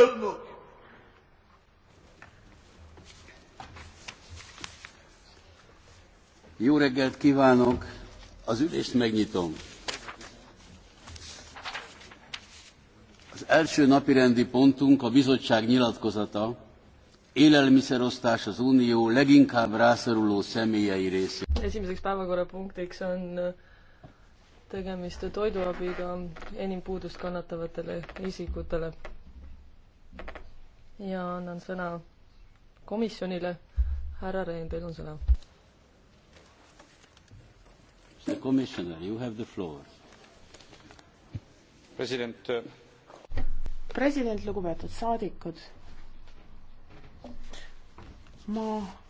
önök. Jó reggelt kívánok! Az ülést megnyitom. Az első napirendi pontunk a bizottság nyilatkozata, élelmiszerosztás az Unió leginkább rászoruló személyei részé. Esimeseks päevakorrapunktiks on tegemist toiduabiga enim puudust kannatavatele isikutele ja annan sõna komisjonile. härra Rehn, teil on sõna. president. Äh, president, lugupeetud saadikud. ma